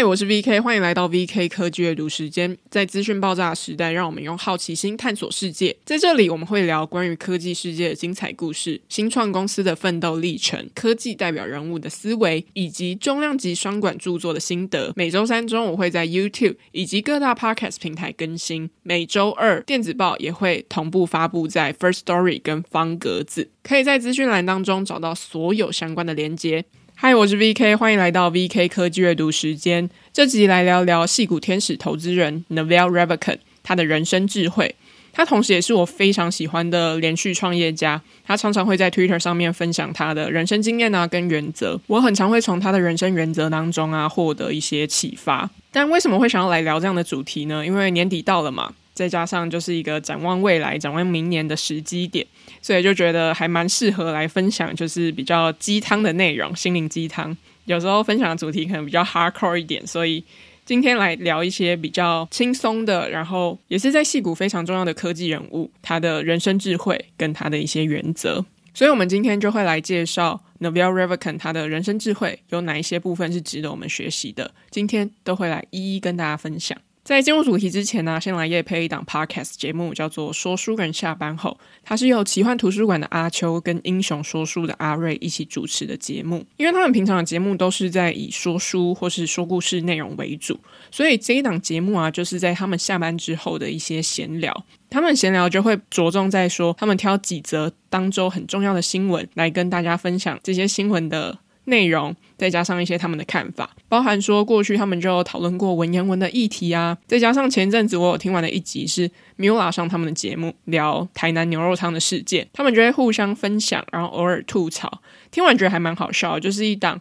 Hi, 我是 V K，歡迎來到 V K 科技閱讀時間。在資訊爆炸時代，讓我們用好奇心探索世界。在這裡，我們會聊關於科技世界的精彩故事、新創公司的奮鬥歷程、科技代表人物的思維，以及重量級雙管著作的心得。每週三中午我會在 YouTube 以及各大 Podcast 平台更新，每週二電子報也會同步發布在 First Story 跟方格子，可以在資訊欄當中找到所有相關的連結。嗨，我是 V K，歡迎來到 V K 科技閱讀時間。這集來聊聊細谷天使投資人 Neville r e v e c t a 他的人生智慧。他同時也是我非常喜歡的連續創業家。他常常會在 Twitter 上面分享他的人生經驗啊，跟原則。我很常會從他的人生原則當中啊，獲得一些啟發。但為什麼會想要來聊這樣的主題呢？因為年底到了嘛。再加上就是一個展望未來，展望明年的時機點，所以就覺得還蠻適合來分享，就是比較雞湯的內容，心靈雞湯。有時候分享的主題可能比較 hardcore 一點，所以今天來聊一些比較輕鬆的，然後也是在矽谷非常重要的科技人物他的人生智慧跟他的一些原則，所以我們今天就會來介紹 Naval Ravikant 他的人生智慧有哪一些部分是值得我們學習的？今天都會來一一跟大家分享。在進入主題之前呢，啊，先來業配一檔 Podcast 節目，叫做《說書人下班後》。它是由奇幻圖書館的阿秋跟英雄說書的阿瑞一起主持的節目。因為他們平常的節目都是在以說書或是說故事內容為主，所以這一檔節目啊，就是在他們下班之後的一些閒聊。他們閒聊就會着重在說，他們挑幾則當周很重要的新聞來跟大家分享這些新聞的內容。再加上一些他們的看法，包含說過去他們就有討論過文言文的議題啊。再加上前陣子我有聽完的一集是 Mula 上他們的節目聊台南牛肉湯的事件，他們就會互相分享，然後偶爾吐槽。聽完覺得還蠻好笑，就是一檔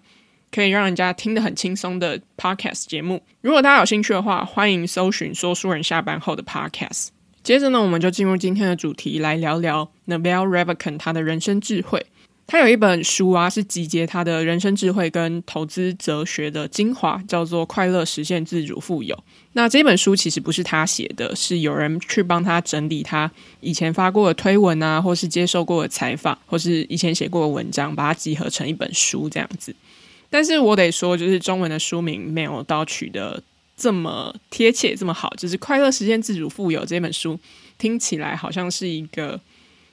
可以讓人家聽得很輕鬆的 podcast 節目。如果大家有興趣的話，歡迎搜尋說書人下班後的 podcast。接着呢，我們就進入今天的主題，來聊聊 Naval Ravikant 他的人生智慧。他有一本書啊，是集結他的人生智慧跟投資哲學的精華，叫做《快樂實現自主富有》。那這本書其實不是他寫的，是有人去幫他整理他以前發過的推文啊，或是接受過的採訪，或是以前寫過的文章，把它集合成一本書這樣子。但是我得說，就是中文的書名沒有到取得這麼貼切這麼好，就是《快樂實現自主富有》這本書聽起來好像是一個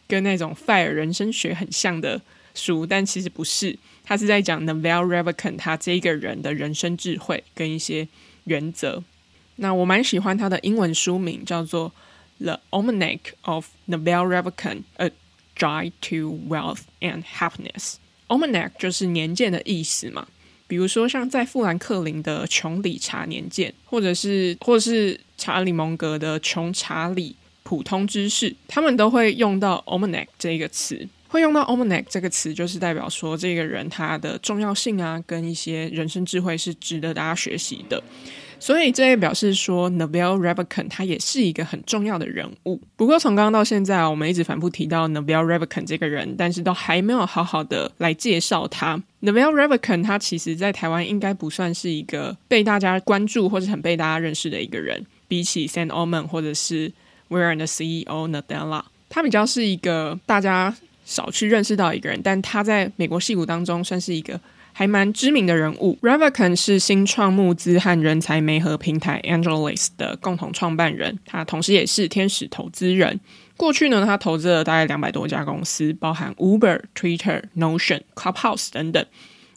跟那種 FIRE 人生學”很像的。書，但其實不是，他是在講 Naval Ravikant 他這個人的人生智慧跟一些原則。那我蠻喜歡他的英文書名叫做《The Almanac of Naval Ravikant A Drive to Wealth and Happiness》。Almanac 就是年鑑的意思嘛，比如說像在富蘭克林的《窮理查年鑑》，或者是或者是查理蒙格的《窮查理普通知識》，他們都會用到 Almanac 這個詞。會用到 o m e n e c 這個詞，就是代表說這個人他的重要性啊，跟一些人生智慧是值得大家學習的。所以這也表示說 Naval Ravikant 他也是一個很重要的人物。不過從剛剛到現在啊，我們一直反複提到 Naval Ravikant 這個人，但是都還沒有好好的來介紹他。Naval Ravikant 他其實，在台灣應該不算是一個被大家關注或者很被大家認識的一個人。比起 Sam Altman 或者是微軟的 CEO Nadella，他比較是一個大家。少去認識到一個人，但他在美國矽谷當中算是一個還蠻知名的人物。Ravikant 是新創募資和人才媒合平台 AngelList 的共同創辦人，他同時也是天使投資人。過去呢，他投資了大概兩百多家公司，包含 Uber、Twitter、Notion、Clubhouse 等等。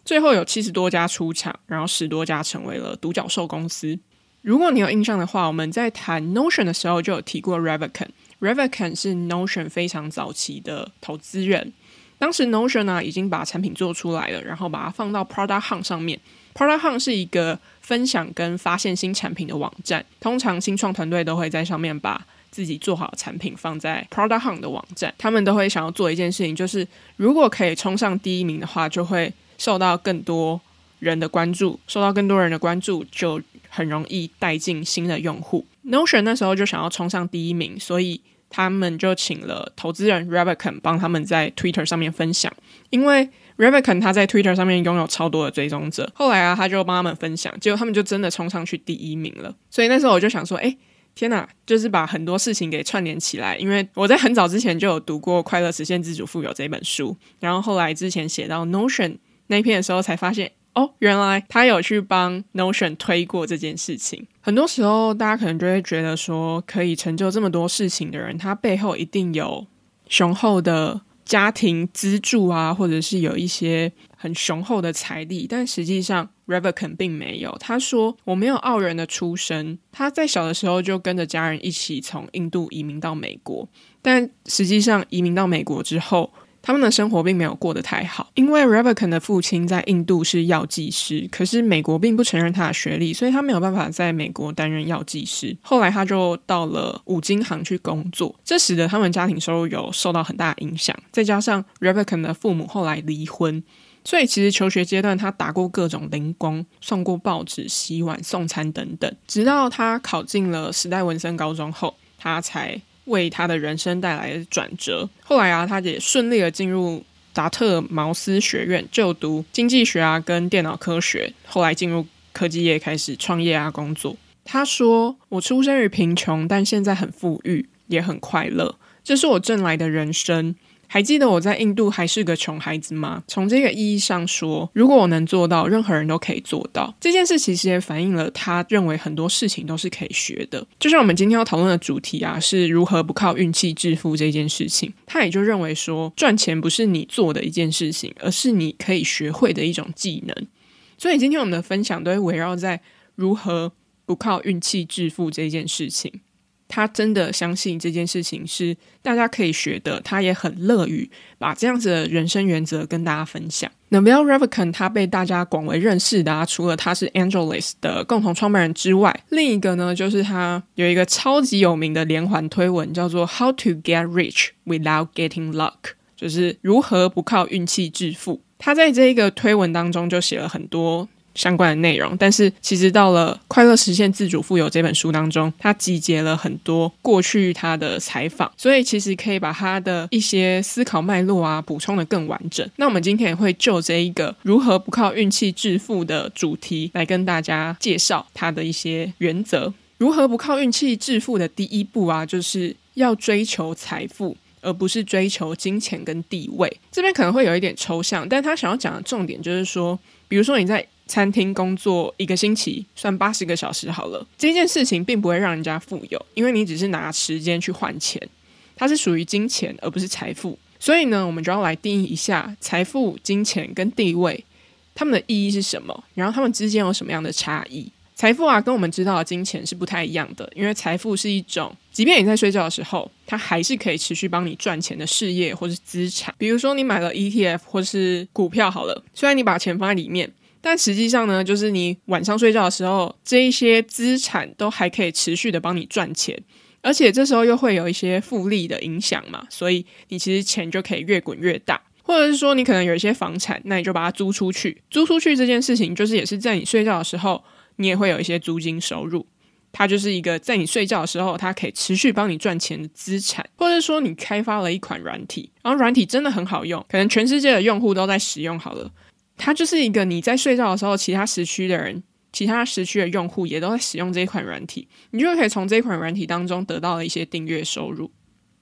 最後有七十多家出場，然後十多家成為了獨角獸公司。如果你有印象的話，我們在談 Notion 的時候就有提過 Ravikant。Ravikant 是 Notion 非常早期的投資人，當時 Notion 呢、啊、已經把產品做出來了，然後把它放到 Product Hunt 上面。Product Hunt 是一個分享跟發現新產品的網站，通常新創團隊都會在上面把自己做好的產品放在 Product Hunt 的網站，他們都會想要做一件事情，就是如果可以衝上第一名的話，就會受到更多人的關注，受到更多人的關注就很容易帶進新的用戶。Notion 那時候就想要衝上第一名，所以他們就請了投資人 Ravikant 幫他們在 Twitter 上面分享，因為 Ravikant 他在 Twitter 上面擁有超多的追蹤者。後來啊，他就幫他們分享，結果他們就真的衝上去第一名了。所以那時候我就想說：“誒，天哪！”就是把很多事情給串聯起來。因為我在很早之前就有讀過《快樂實現自主富有》這一本書，然後後來之前寫到 Notion 那一篇的時候，才發現。哦，原來他有去幫 Notion 推過這件事情。很多時候，大家可能就會覺得說，可以成就這麼多事情的人，他背後一定有雄厚的家庭資助啊，或者是有一些很雄厚的財力。但實際上，Ravikant 並沒有。他說：“我沒有傲人的出身，他在小的時候就跟着家人一起從印度移民到美國。但實際上，移民到美國之後。”他們的生活並沒有過得太好，因為 Ravikant 的父親在印度是藥劑師，可是美國並不承認他的學歷，所以他沒有辦法在美國擔任藥劑師。後來他就到了五金行去工作，這使得他們家庭收入有受到很大的影響。再加上 Ravikant 的父母後來離婚，所以其實求學階段他打過各種零工，送過報紙、洗碗、送餐等等。直到他考進了時代文森高中後，他才為他的人生帶來的轉折。後來啊，他也順利的進入達特茅斯學院就讀經濟學啊，跟電腦科學。後來進入科技業，開始創業啊，工作。他說：“我出生於貧窮，但現在很富裕，也很快樂。這是我掙來的人生。”還記得我在印度還是個窮孩子嗎？從這個意義上說，如果我能做到，任何人都可以做到。這件事其實也反映了他認為很多事情都是可以學的。就像我們今天要討論的主題啊，是如何不靠運氣致富這件事情。他也就認為說，賺錢不是你做的一件事情，而是你可以學會的一種技能。所以今天我們的分享都會圍繞在如何不靠運氣致富這件事情。他真的相信這件事情是大家可以學的，他也很樂於把這樣子的人生原則跟大家分享。那 Naval Ravikant，他被大家廣為認識的啊，除了他是 AngelList 的共同創辦人之外，另一個呢就是他有一個超級有名的連環推文，叫做 “How to get rich without getting luck”，就是如何不靠運氣致富。他在這一個推文當中就寫了很多，相關的內容，但是其實到了《快樂實現自主富有》這本書當中，他集結了很多過去他的採訪，所以其實可以把他的一些思考脈絡啊補充得更完整。那我們今天也會就這一個如何不靠運氣致富的主題來跟大家介紹他的一些原則。如何不靠運氣致富的第一步啊，就是要追求財富，而不是追求金錢跟地位。這邊可能會有一點抽象，但他想要講的重點就是說，比如說你在。餐廳工作一個星期算八十個小時好了。這件事情並不會讓人家富有，因為你只是拿時間去換錢，它是屬於金錢而不是財富。所以呢，我們就要來定義一下財富、金錢跟地位它們的意義是什麼，然後它們之間有什麼樣的差異？財富啊，跟我們知道的金錢是不太一樣的，因為財富是一種即便你在睡覺的時候，它還是可以持續幫你賺錢的事業或是資產。比如說你買了 ETF 或是股票好了，雖然你把錢放在裡面。但實際上呢，就是你晚上睡覺的時候，這一些資產都還可以持續的幫你賺錢，而且這時候又會有一些複利的影響嘛，所以你其實錢就可以越滾越大。或者是說，你可能有一些房產，那你就把它租出去。租出去這件事情，就是也是在你睡覺的時候，你也會有一些租金收入。它就是一個在你睡覺的時候，它可以持續幫你賺錢的資產。或者說，你開發了一款軟體，然後軟體真的很好用，可能全世界的用戶都在使用好了。它就是一個你在睡覺的時候，其他時區的人、其他時區的用戶也都在使用這一款軟體，你就可以從這一款軟體當中得到了一些訂閱收入，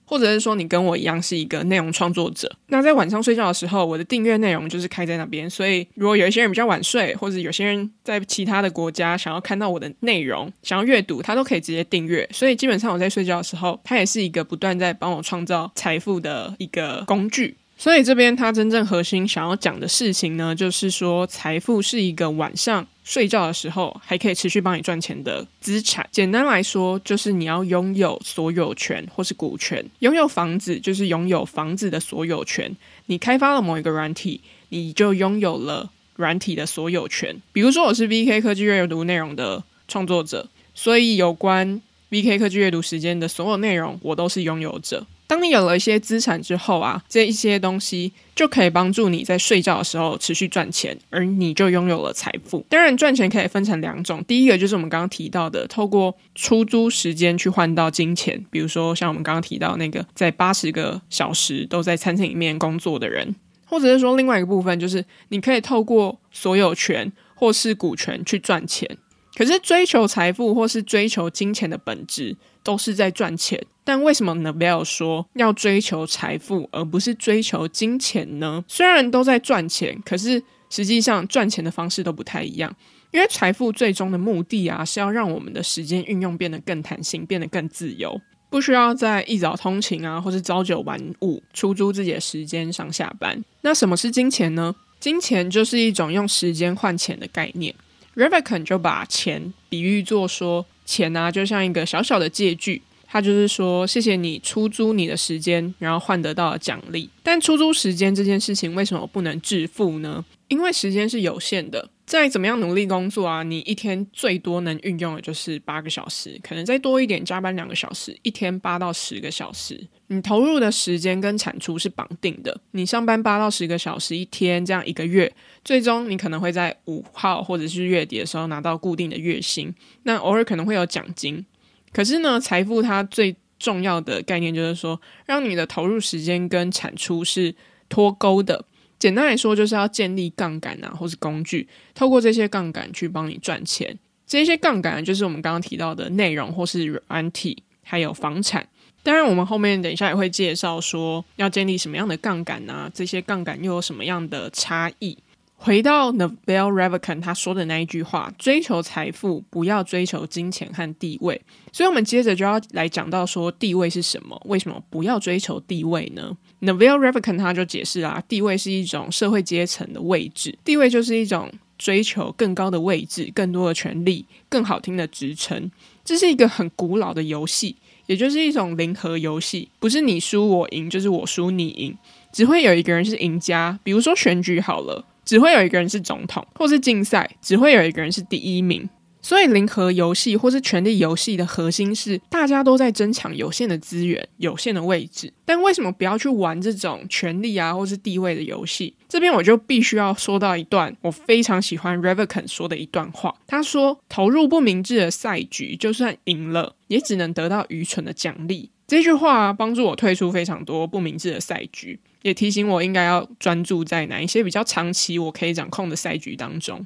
或者是說你跟我一樣是一個內容創作者。那在晚上睡覺的時候，我的訂閱內容就是開在那邊，所以如果有一些人比較晚睡，或者有些人在其他的國家想要看到我的內容、想要閱讀，他都可以直接訂閱。所以基本上我在睡覺的時候，它也是一個不斷在幫我創造財富的一個工具。所以這邊它真正核心想要講的事情呢，就是說，財富是一個晚上睡覺的時候還可以持續幫你賺錢的資產。簡單來說，就是你要擁有所有權或是股權。擁有房子就是擁有房子的所有權。你開發了某一個軟體，你就擁有了軟體的所有權。比如說，我是 VK 科技閱讀內容的創作者，所以有關 VK 科技閱讀時間的所有內容，我都是擁有者。當你有了一些資產之後啊，這一些東西就可以幫助你在睡覺的時候持續賺錢，而你就擁有了財富。當然，賺錢可以分成兩種，第一個就是我們剛剛提到的，透過出租時間去換到金錢，比如說像我們剛剛提到那個在八十個小時都在餐廳裡面工作的人，或者是說另外一個部分就是你可以透過所有權或是股權去賺錢。可是追求財富或是追求金錢的本質，都是在賺錢，但為什麼 Naval 說要追求財富而不是追求金錢呢？雖然都在賺錢，可是實際上賺錢的方式都不太一樣。因為財富最終的目的啊，是要讓我們的時間運用變得更彈性，變得更自由，不需要在一早通勤啊，或是朝九晚五，出租自己的時間上下班。那什麼是金錢呢？金錢就是一種用時間換錢的概念。Ravikant 就把錢比喻做說。錢啊，就像一個小小的借據，他就是說，謝謝你出租你的時間，然後換得到獎勵。但出租時間這件事情，為什麼不能致富呢？因為時間是有限的，再怎麼樣努力工作啊，你一天最多能運用的就是八個小時，可能再多一點，加班兩個小時，一天八到十個小時。你投入的時間跟產出是綁定的。你上班八到十個小時一天，這樣一個月，最終你可能會在五號或者是月底的時候拿到固定的月薪。那偶爾可能會有獎金，可是呢，財富它最重要的概念就是說，讓你的投入時間跟產出是脫鈎的。簡單來說，就是要建立槓桿吶，或是工具，透過這些槓桿去幫你賺錢。這些槓桿就是我們剛剛提到的內容，或是軟體，還有房產。當然，我們後面等一下也會介紹說要建立什麼樣的槓桿吶，這些槓桿又有什麼樣的差異。回到 Naval Ravikant 他說的那一句話：“追求財富，不要追求金錢和地位。”所以，我們接着就要來講到說地位是什麼，為什麼不要追求地位呢？Naval Ravikant 他就解釋啦、啊，地位是一種社會階層的位置，地位就是一種追求更高的位置、更多的權利、更好聽的職稱。這是一個很古老的遊戲，也就是一種零和遊戲，不是你輸我贏，就是我輸你贏，只會有一個人是贏家。比如說選舉好了，只會有一個人是總統，或是競賽，只會有一個人是第一名。所以，零和遊戲或是權力遊戲的核心是大家都在爭搶有限的資源、有限的位置。但為什麼不要去玩這種權力啊，或是地位的遊戲？這邊我就必須要說到一段我非常喜歡 Ravikant 說的一段話。他說：“投入不明智的賽局，就算贏了，也只能得到愚蠢的獎勵。”這句話啊，幫助我退出非常多不明智的賽局，也提醒我應該要專注在哪一些比較長期我可以掌控的賽局當中。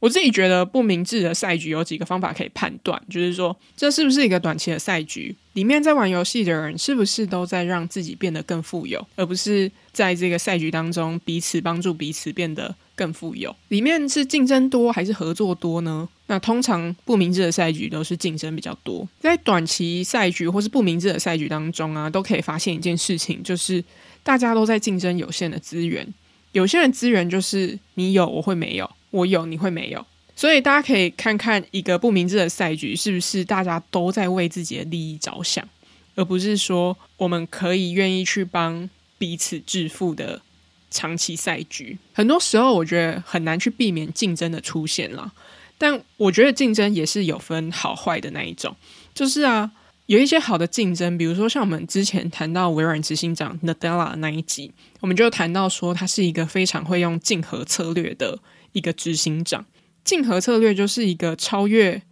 我自己覺得不明智的賽局有幾個方法可以判斷，就是說這是不是一個短期的賽局？裡面在玩遊戲的人是不是都在讓自己變得更富有，而不是在這個賽局當中彼此幫助彼此變得更富有？裡面是競爭多還是合作多呢？那通常不明智的賽局都是競爭比較多。在短期賽局或是不明智的賽局當中啊，都可以發現一件事情，就是大家都在競爭有限的資源。有限的資源就是你有，我會沒有。我有，你會沒有？所以大家可以看看一個不明智的賽局是不是大家都在為自己的利益着想，而不是說我們可以願意去幫彼此致富的長期賽局。很多時候，我覺得很難去避免競爭的出現啦。但我覺得競爭也是有分好壞的那一種，就是啊，有一些好的競爭，比如說像我們之前談到微軟執行長 Nadella 的那一集，我們就談到說他是一個非常會用競合策略的。一個執行長，競合策略就是一個超越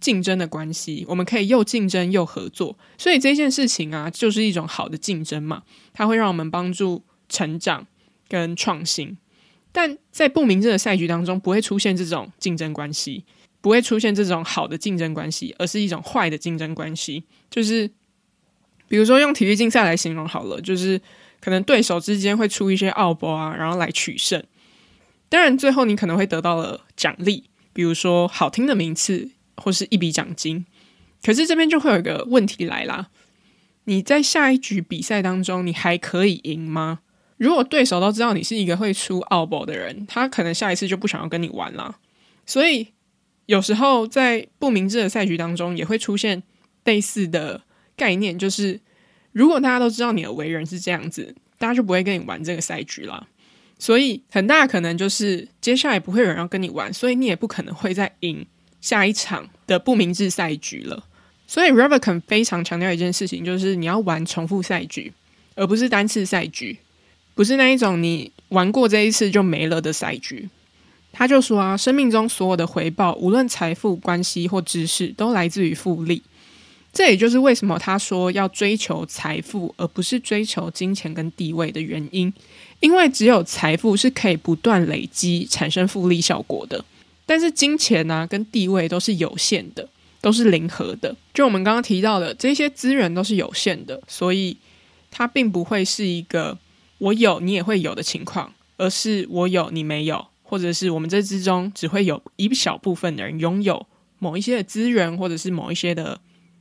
競爭的關係，我們可以又競爭又合作，所以這件事情啊，就是一種好的競爭嘛，它會讓我們幫助成長跟創新。但在不明智的賽局當中，不會出現這種競爭關係，不會出現這種好的競爭關係，而是一種壞的競爭關係。就是比如說用體育競賽來形容好了，就是可能對手之間會出一些奧步啊，然後來取勝。當然，最後你可能會得到了獎勵，比如說好聽的名次或是一筆獎金。可是這邊就會有一個問題來啦，你在下一局比賽當中，你還可以贏嗎？如果對手都知道你是一個會出奧步的人，他可能下一次就不想要跟你玩了。所以有時候在不明智的賽局當中，也會出現類似的概念，就是如果大家都知道你的為人是這樣子，大家就不會跟你玩這個賽局了。所以很大可能，就是接下來不會有人要跟你玩，所以你也不可能會再贏下一場的不明智賽局了。所以 Ravikant 非常強調一件事情，就是你要玩重複賽局，而不是單次賽局，不是那一種你玩過這一次就沒了的賽局。他就說啊，生命中所有的回報，無論財富、關係或知識，都來自於複利。這也就是為什麼他說要追求財富，而不是追求金錢跟地位的原因，因為只有財富是可以不斷累積、產生複利效果的。但是金錢呢，啊，跟地位都是有限的，都是零和的。就我們剛剛提到的，這些資源都是有限的，所以它並不會是一個我有你也會有的情況，而是我有你沒有，或者是我們這之中只會有一小部分的人擁有某一些的資源，或者是某一些的。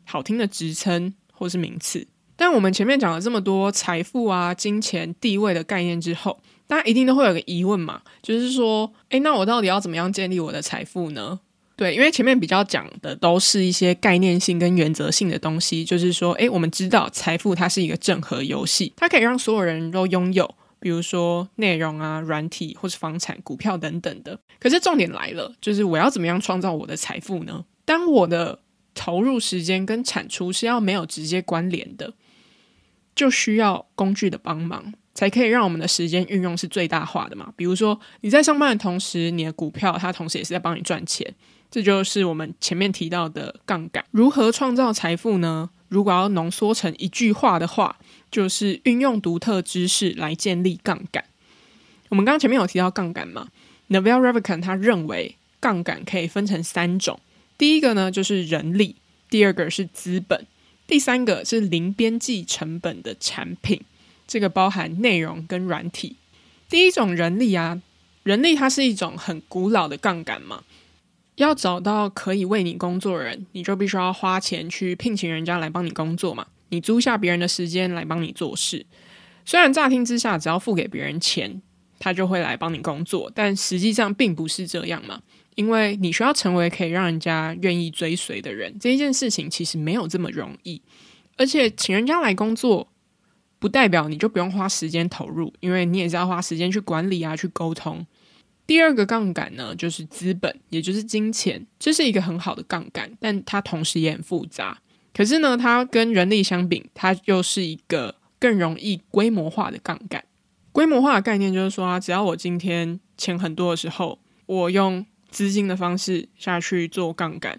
好聽的職稱或是名次，但我們前面講了這麼多財富啊、金錢、地位的概念之後，大家一定都會有個疑問嘛，就是說，誒、欸，那我到底要怎麼樣建立我的財富呢？對，因為前面比較講的都是一些概念性跟原則性的東西，就是說，誒、欸，我們知道財富它是一個正和遊戲，它可以讓所有人都擁有，比如說內容啊、軟體或是房產、股票等等的。可是重點來了，就是我要怎麼樣創造我的財富呢？當我的投入時間跟產出是要沒有直接關聯的，就需要工具的幫忙，才可以讓我們的時間運用是最大化的嘛。比如說你在上班的同時，你的股票它同時也是在幫你賺錢，這就是我們前面提到的槓桿。如何創造財富呢？如果要濃縮成一句話的話，就是運用獨特知識來建立槓桿。我們剛剛前面有提到槓桿嘛，Naval Ravikant 他認為槓桿可以分成三種。第一個呢就是人力，第二個是資本，第三個是零邊際成本的產品。這個包含內容跟軟體。第一種人力啊，人力它是一種很古老的槓桿嘛。要找到可以為你工作的人，你就必須要花錢去聘請人家來幫你工作嘛。你租下別人的時間來幫你做事。雖然乍聽之下，只要付給別人錢，他就會來幫你工作，但實際上並不是這樣嘛。因為你需要成為可以讓人家願意追隨的人，這一件事情其實沒有這麼容易。而且，請人家來工作，不代表你就不用花時間投入，因為你也是要花時間去管理啊，去溝通。第二個槓桿呢，就是資本，也就是金錢，這是一個很好的槓桿，但它同時也很複雜。可是呢，它跟人力相比，它又是一個更容易規模化的槓桿。規模化的概念就是說啊，只要我今天錢很多的時候，我用資金的方式下去做槓桿，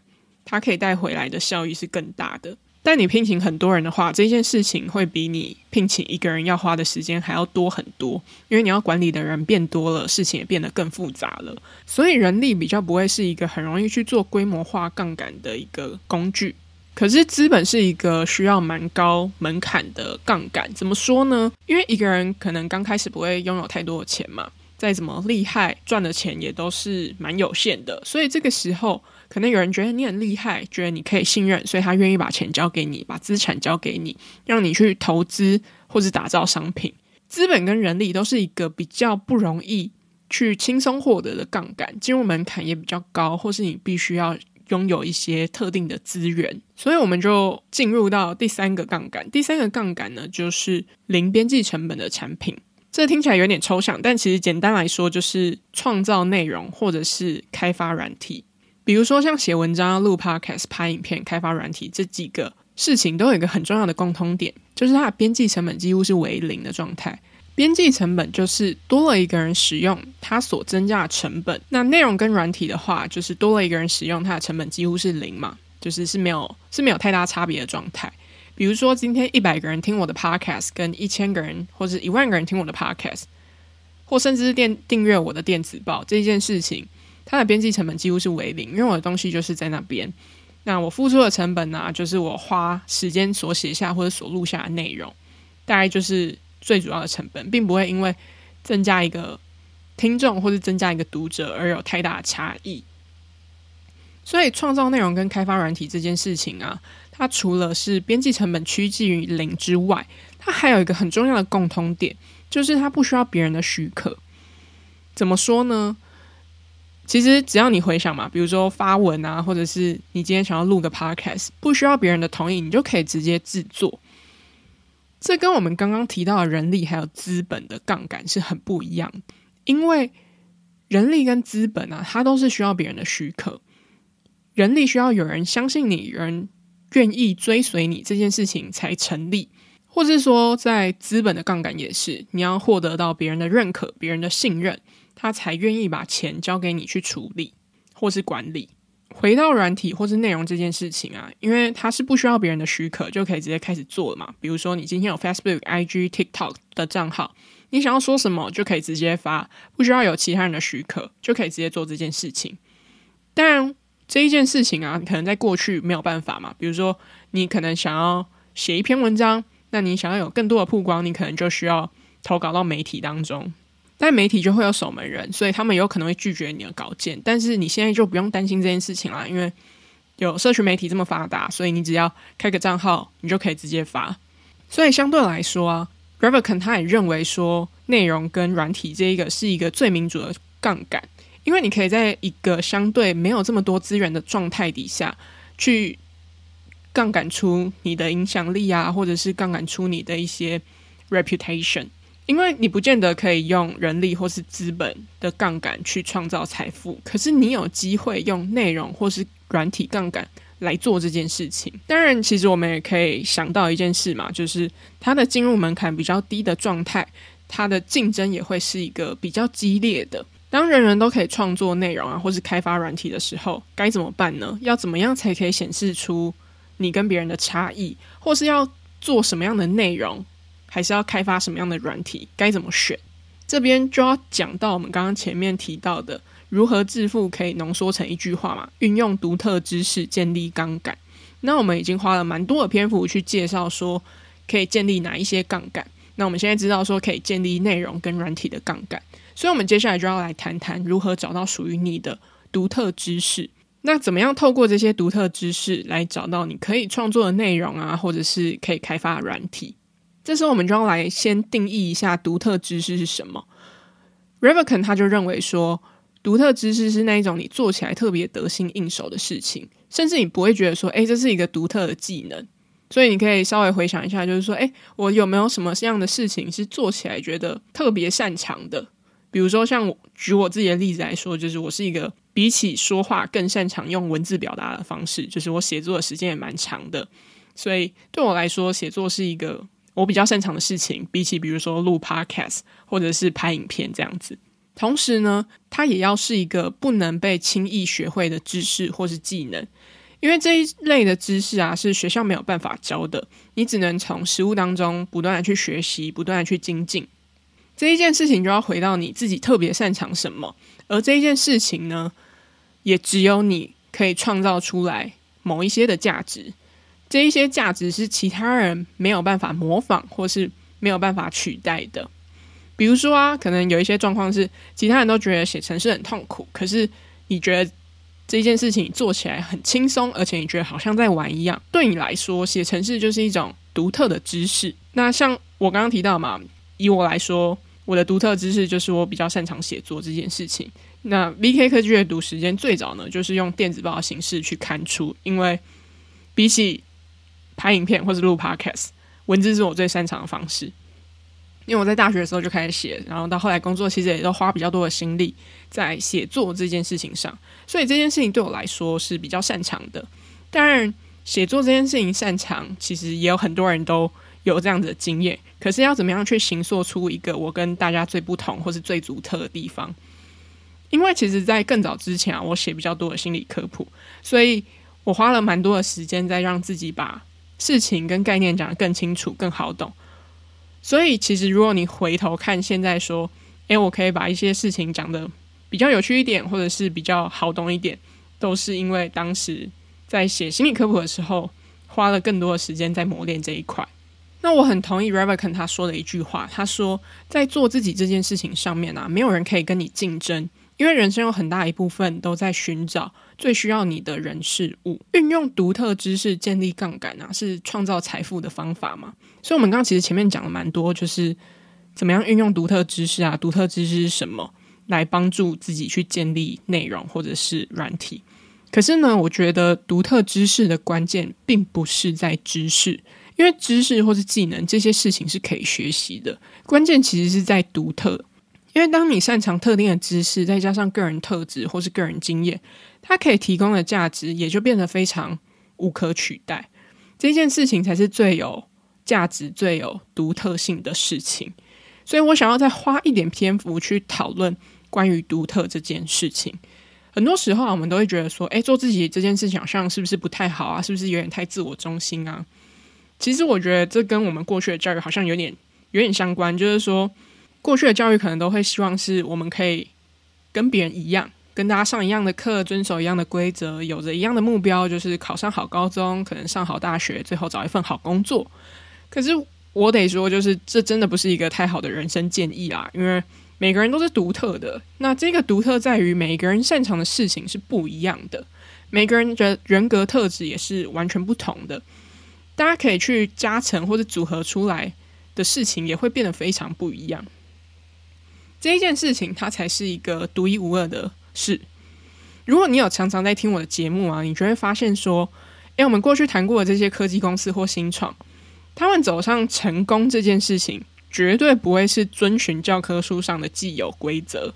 它可以帶回來的效益是更大的。但你聘請很多人的話，這件事情會比你聘請一個人要花的時間還要多很多，因為你要管理的人變多了，事情也變得更複雜了。所以人力比較不會是一個很容易去做規模化槓桿的一個工具。可是資本是一個需要蠻高門檻的槓桿，怎麼說呢？因為一個人可能剛開始不會擁有太多的錢嘛。再怎麼厲害，賺的錢也都是蠻有限的。所以這個時候，可能有人覺得你很厲害，覺得你可以信任，所以他願意把錢交給你，把資產交給你，讓你去投資或是打造商品。資本跟人力都是一個比較不容易去輕鬆獲得的槓桿，進入門檻也比較高，或是你必須要擁有一些特定的資源。所以我們就進入到第三個槓桿。第三個槓桿呢，就是零邊際成本的產品。這聽起來有點抽象，但其實簡單來說，就是創造內容或者是開發軟體。比如說，像寫文章、錄 podcast、拍影片、開發軟體這幾個事情，都有一個很重要的共通點，就是它的邊際成本幾乎是為零的狀態。邊際成本就是多了一個人使用，它所增加的成本。那內容跟軟體的話，就是多了一個人使用，它的成本幾乎是零嘛，就是是沒有是沒有太大差別的狀態。比如說，今天一百個人聽我的 podcast，跟一千個人或者一萬個人聽我的 podcast，或甚至是電訂閱我的電子報，這件事情它的邊際成本幾乎是為零，因為我的東西就是在那邊。那我付出的成本呢、啊，就是我花時間所寫下或者所錄下的內容，大概就是最主要的成本，並不會因為增加一個聽眾或者增加一個讀者而有太大的差異。所以創造內容跟開發軟體這件事情啊，它除了是邊際成本趨近於零之外，它還有一個很重要的共通點，就是它不需要別人的許可。怎麼說呢？其實只要你回想嘛，比如說發文啊，或者是你今天想要錄個 Podcast，不需要別人的同意，你就可以直接制作。這跟我們剛剛提到的人力還有資本的槓桿是很不一樣的，因為人力跟資本啊，它都是需要別人的許可。人力需要有人相信你，有人願意追隨你，這件事情才成立。或是說，在資本的槓桿也是，你要獲得到別人的認可、別人的信任，他才願意把錢交給你去處理或是管理。回到軟體或是內容這件事情啊，因為他是不需要別人的許可就可以直接開始做了嘛。比如說，你今天有 Facebook、IG、TikTok 的賬號，你想要說什麼就可以直接發，不需要有其他人的許可就可以直接做這件事情。但這一件事情啊，可能在過去沒有辦法嘛。比如說，你可能想要寫一篇文章，那你想要有更多的曝光，你可能就需要投稿到媒體當中。但媒體就會有守門人，所以他們有可能會拒絕你的稿件。但是你現在就不用擔心這件事情啦、啊，因為有社群媒體這麼發達，所以你只要開個賬號，你就可以直接發。所以相對來說啊，Ravikant 他也認為說，內容跟軟體這一個是一個最民主的槓桿。因為你可以在一個相對沒有這麼多資源的狀態底下，去槓桿出你的影響力啊，或者是槓桿出你的一些 reputation。因為你不見得可以用人力或是資本的槓桿去創造財富，可是你有機會用內容或是軟體槓桿來做這件事情。當然，其實我們也可以想到一件事嘛，就是它的進入門檻比較低的狀態，它的競爭也會是一個比較激烈的。當人人都可以創作內容啊，或是開發軟體的時候，該怎麼辦呢？要怎麼樣才可以顯示出你跟別人的差異，或是要做什麼樣的內容，還是要開發什麼樣的軟體？該怎麼選？這邊就要講到我們剛剛前面提到的如何致富，可以濃縮成一句話嘛：運用獨特知識，建立槓桿。那我們已經花了蠻多的篇幅去介紹說可以建立哪一些槓桿。那我們現在知道說可以建立內容跟軟體的槓桿。所以，我們接下來就要來談談如何找到屬於你的獨特知識。那怎麼樣透過這些獨特知識來找到你可以創作的內容啊，或者是可以開發的軟體？這時候，我們就要來先定義一下獨特知識是什麼。Ravikant 他就認為說，獨特知識是那一種你做起來特別得心應手的事情，甚至你不會覺得說，哎，這是一個獨特的技能。所以，你可以稍微回想一下，就是說，哎，我有沒有什麼樣的事情是做起來覺得特別擅長的？比如說像，像舉我自己的例子來說，就是我是一個比起說話更擅長用文字表達的方式，就是我寫作的時間也蠻長的，所以對我來說，寫作是一個我比較擅長的事情。比起比如說錄 podcast 或者是拍影片這樣子，同時呢，它也要是一個不能被輕易學會的知識或是技能，因為這一類的知識啊，是學校沒有辦法教的，你只能從實務當中不斷的去學習，不斷的去精進。這一件事情就要回到你自己特別擅長什麼，而這一件事情呢，也只有你可以創造出來某一些的價值，這一些價值是其他人沒有辦法模仿或是沒有辦法取代的。比如說啊，可能有一些狀況是其他人都覺得寫程式很痛苦，可是你覺得這一件事情你做起來很輕鬆，而且你覺得好像在玩一樣。對你來說，寫程式就是一種獨特的知識。那像我剛剛提到嘛，以我來說，我的獨特知識就是我比較擅長寫作這件事情。那 VK 科技閱讀時間最早呢，就是用電子報的形式去刊出，因為比起拍影片或是錄 podcast，文字是我最擅長的方式。因為我在大學的時候就開始寫，然後到後來工作，其實也都花比較多的心力在寫作這件事情上，所以這件事情對我來說是比較擅長的。當然，寫作這件事情擅長，其實也有很多人都有這樣子的經驗，可是要怎麼樣去形塑出一個我跟大家最不同或是最獨特的地方？因為其實，在更早之前啊，我寫比較多的心理科普，所以我花了蠻多的時間在讓自己把事情跟概念講得更清楚、更好懂。所以其實，如果你回頭看現在說，哎、欸，我可以把一些事情講得比較有趣一點，或者是比較好懂一點，都是因為當時在寫心理科普的時候，花了更多的時間在磨練這一塊。那我很同意 Ravikant 他說的一句話，他說，在做自己這件事情上面啊，沒有人可以跟你競爭，因為人生有很大一部分都在尋找最需要你的人事物。運用獨特知識建立槓桿啊，是創造財富的方法嘛。所以，我們剛剛其實前面講了蠻多，就是怎麼樣運用獨特知識啊，獨特知識是什麼，來幫助自己去建立內容或者是軟體。可是呢，我覺得獨特知識的關鍵，並不是在知識。因為知識或是技能這些事情是可以學習的，關鍵其實是在獨特。因為當你擅長特定的知識，再加上個人特質或是個人經驗，它可以提供的價值也就變得非常無可取代。這件事情才是最有價值、最有獨特性的事情。所以我想要再花一點篇幅去討論關於獨特這件事情。很多時候，啊，我們都會覺得說：“哎，欸，做自己這件事情好像是不是不太好啊？是不是有點太自我中心啊？”其實我覺得這跟我們過去的教育好像有點有點相關，就是說過去的教育可能都會希望是我們可以跟別人一樣，跟大家上一樣的課，遵守一樣的規則，有着一樣的目標，就是考上好高中，可能上好大學，最後找一份好工作。可是我得說，就是這真的不是一個太好的人生建議啦，因為每個人都是獨特的。那這個獨特在於每個人擅長的事情是不一樣的，每個人覺得人格特質也是完全不同的。大家可以去加成或者組合出來的事情，也會變得非常不一樣。這一件事情，它才是一個獨一無二的事。如果你有常常在聽我的節目啊，你就會發現說，哎、欸，我們過去談過的這些科技公司或新創，他們走上成功這件事情，絕對不會是遵循教科書上的既有規則，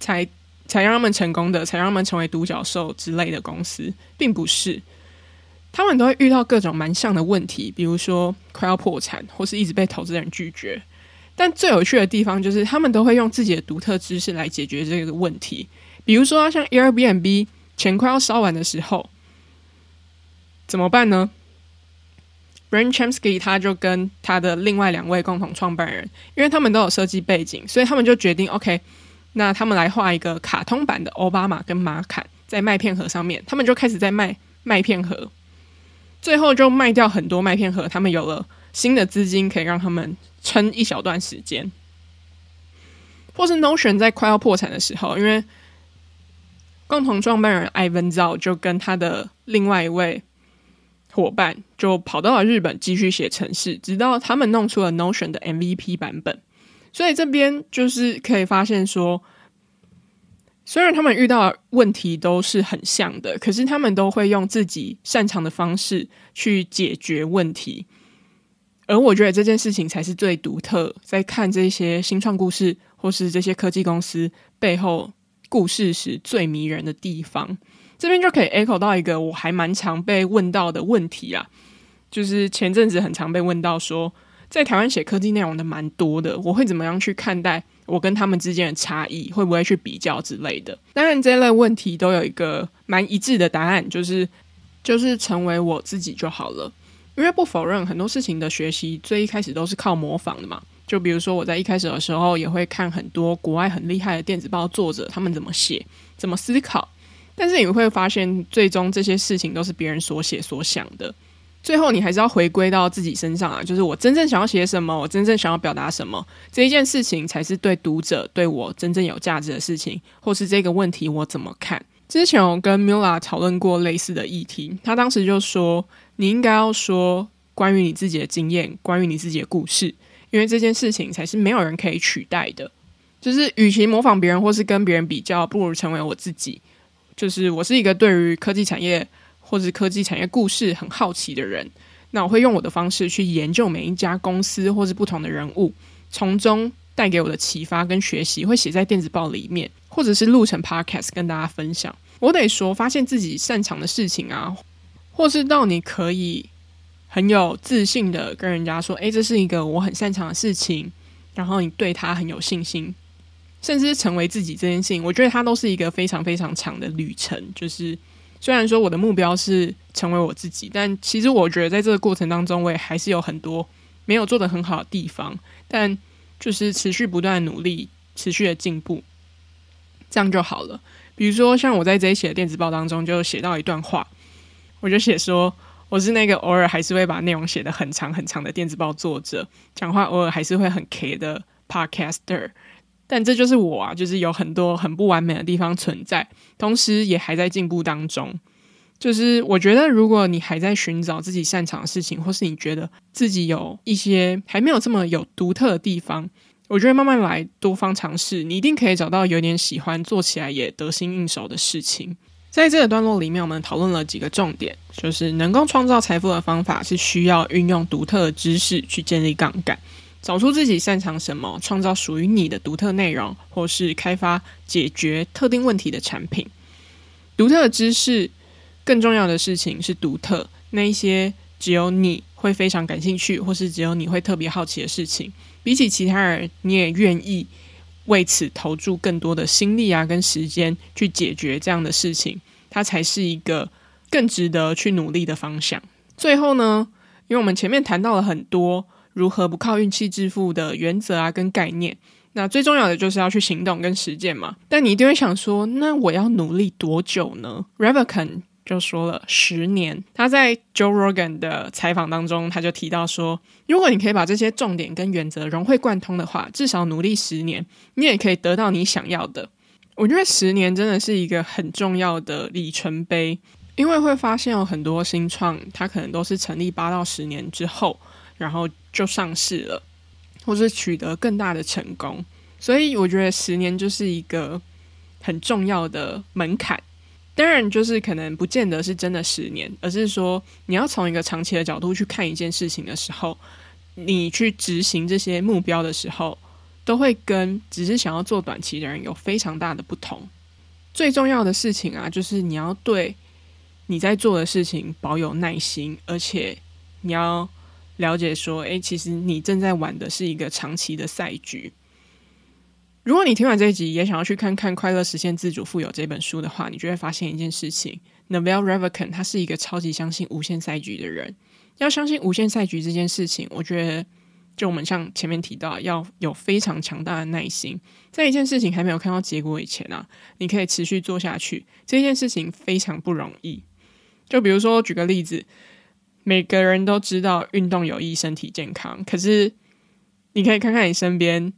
才才讓他們成功的，才讓他們成為獨角獸之類的公司，並不是。他們都會遇到各種蠻像的問題，比如說快要破產，或是一直被投資人拒絕。但最有趣的地方就是，他們都會用自己的獨特知識來解決這個問題。比如說，像 Airbnb 錢快要燒完的時候，怎麼辦呢？Brian Chesky 他就跟他的另外兩位共同創辦人，因為他們都有設計背景，所以他們就決定，OK，那他們來畫一個卡通版的奧巴馬跟馬侃在麥片盒上面。他們就開始在賣麥片盒。最後就賣掉很多麥片盒，他們有了新的資金，可以讓他們撐一小段時間。或是 Notion 在快要破產的時候，因為共同創辦人 Ivan Zhao 就跟他的另外一位伙伴就跑到了日本繼續寫程式，直到他們弄出了 Notion 的 MVP 版本。所以這邊就是可以發現說。雖然他們遇到問題都是很像的，可是他們都會用自己擅長的方式去解決問題。而我覺得這件事情才是最獨特，在看這些新創故事或是這些科技公司背後故事時最迷人的地方。這邊就可以 echo 到一個我還蠻常被問到的問題啊，就是前陣子很常被問到說，在台灣寫科技內容的蠻多的，我會怎麼樣去看待？我跟他們之間的差異會不會去比較之類的？當然，這類問題都有一個蠻一致的答案，就是就是成為我自己就好了。因為不否認很多事情的學習，最一開始都是靠模仿的嘛。就比如說我在一開始的時候，也會看很多國外很厲害的電子報作者，他們怎麼寫，怎麼思考。但是你會發現，最終這些事情都是別人所寫所想的。最後，你還是要回歸到自己身上啊！就是我真正想要寫什麼，我真正想要表達什麼，這一件事情才是對讀者對我真正有價值的事情，或是這個問題我怎麼看？之前我跟 Mula 討論過類似的議題，他當時就說：“你應該要說關於你自己的經驗，關於你自己的故事，因為這件事情才是沒有人可以取代的。就是與其模仿別人或是跟別人比較，不如成為我自己。就是我是一個對於科技產業。”或者是科技產業故事很好奇的人，那我會用我的方式去研究每一家公司或者是不同的人物，從中帶給我的啟發跟學習會寫在電子報裡面，或者是錄成 podcast 跟大家分享。我得說，發現自己擅長的事情啊，或是到你可以很有自信的跟人家說：“欸，這是一個我很擅長的事情。”然後你對他很有信心，甚至成為自己這件事情，我覺得它都是一個非常非常長的旅程，就是。雖然說我的目標是成為我自己，但其實我覺得在這個過程當中，我也還是有很多沒有做得很好的地方。但就是持續不斷努力，持續的進步，這樣就好了。比如說，像我在這一期的電子報當中就寫到一段話，我就寫說我是那個偶爾還是會把內容寫得很長很長的電子報作者，講話偶爾還是會很 K 的 Podcaster。但這就是我啊，就是有很多很不完美的地方存在，同時也還在進步當中。就是我覺得，如果你還在尋找自己擅長的事情，或是你覺得自己有一些還沒有這麼有獨特的地方，我覺得慢慢來，多方嘗試，你一定可以找到有點喜歡、做起來也得心應手的事情。在這個段落裡面，我們討論了幾個重點，就是能夠創造財富的方法是需要運用獨特的知識去建立槓桿。找出自己擅長什麼，創造屬於你的獨特內容，或是開發解決特定問題的產品。獨特的知識，更重要的事情是獨特。那一些只有你會非常感興趣，或是只有你會特別好奇的事情，比起其他人，你也願意為此投注更多的心力啊，跟時間去解決這樣的事情，它才是一個更值得去努力的方向。最後呢，因為我們前面談到了很多。如何不靠運氣致富的原則啊，跟概念，那最重要的就是要去行動跟實踐嘛。但你一定會想說，那我要努力多久呢？Ravikant 就說了，十年。他在 Joe Rogan 的採訪當中，他就提到說，如果你可以把這些重點跟原則融會貫通的話，至少努力十年，你也可以得到你想要的。我覺得十年真的是一個很重要的里程碑，因為會發現有很多新創，它可能都是成立八到十年之後，然後。就上市了，或是取得更大的成功，所以我覺得十年就是一個很重要的門檻。當然，就是可能不見得是真的十年，而是說你要從一個長期的角度去看一件事情的時候，你去執行這些目標的時候，都會跟只是想要做短期的人有非常大的不同。最重要的事情啊，就是你要對你在做的事情保有耐心，而且你要。了解說、欸，其實你正在玩的是一個長期的賽局。如果你聽完這一集，也想要去看看《快樂實現自主富有》這本書的話，你就會發現一件事情：Naval Ravikant，他是一個超級相信無限賽局的人。要相信無限賽局這件事情，我覺得，就我們像前面提到，要有非常強大的耐心，在一件事情還沒有看到結果以前啊，你可以持續做下去。這件事情非常不容易。就比如說，舉個例子。每個人都知道運動有益身體健康，可是你可以看看你身邊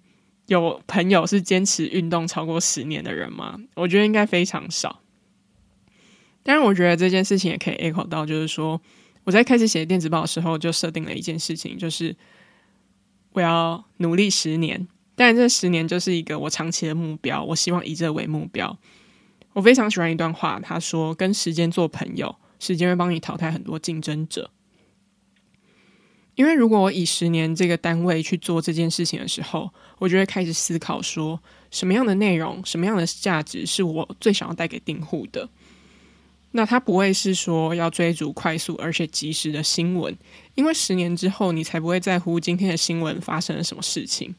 有朋友是堅持運動超過十年的人嗎？我覺得應該非常少。但是，我覺得這件事情也可以 echo 到，就是說我在開始寫電子報的時候就設定了一件事情，就是我要努力十年，但這十年就是一個我長期的目標，我希望以這為目標。我非常喜歡一段話，他說：“跟時間做朋友，時間會幫你淘汰很多競爭者。”因為如果我以十年這個單位去做這件事情的時候，我就會開始思考說，什麼樣的內容、什麼樣的價值是我最想要帶給訂戶的？那他不會是說要追逐快速而且及時的新聞，因為十年之後你才不會在乎今天的新聞發生了什麼事情。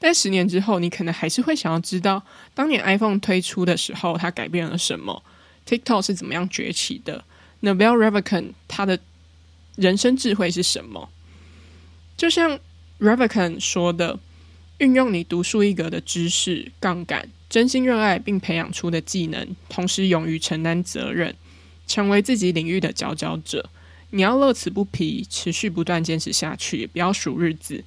但十年之後，你可能還是會想要知道當年 iPhone 推出的時候它改變了什麼，TikTok 是怎麼樣崛起的，Naval Ravikant 它的人生智慧是什麼。就像 Ravikant 說的，運用你獨樹一格的知識槓桿，真心熱愛並培養出的技能，同時勇於承擔責任，成為自己領域的佼佼者。你要樂此不疲，持續不斷堅持下去，不要數日子。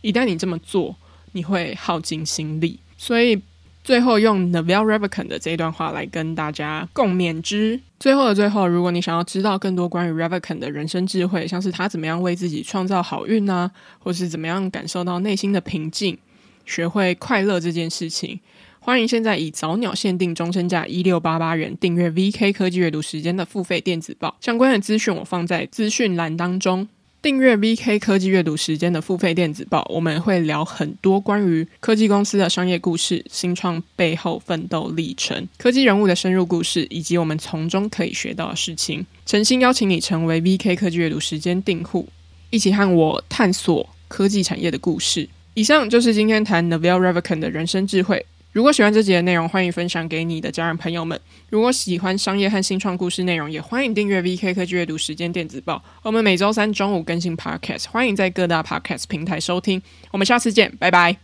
一旦你這麼做，你會耗盡心力。所以。最後用 Naval Ravikant 的這一段話來跟大家共勉之。最後的最後，如果你想要知道更多關於 Ravikant 的人生智慧，像是他怎麼樣為自己創造好運呢、啊，或是怎麼樣感受到內心的平靜，學會快樂這件事情，歡迎現在以早鳥限定終身價一六八八元訂閱 VK 科技閱讀時間的付費電子報。相關的資訊我放在資訊欄當中。訂閱 VK 科技閱讀時間的付費電子報，我們會聊很多關於科技公司的商業故事、新創背後奮鬥歷程、科技人物的深入故事，以及我們從中可以學到的事情。誠心邀請你成為 VK 科技閱讀時間訂戶，一起和我探索科技產業的故事。以上就是今天談 Naval Ravikant 的人生智慧。如果喜歡這集的內容，歡迎分享給你的家人朋友們。如果喜歡商業和新創故事內容，也歡迎訂閱 VK 科技閱讀時間電子報。我們每周三中午更新 Podcast，歡迎在各大 Podcast 平台收聽。我們下次見，拜拜。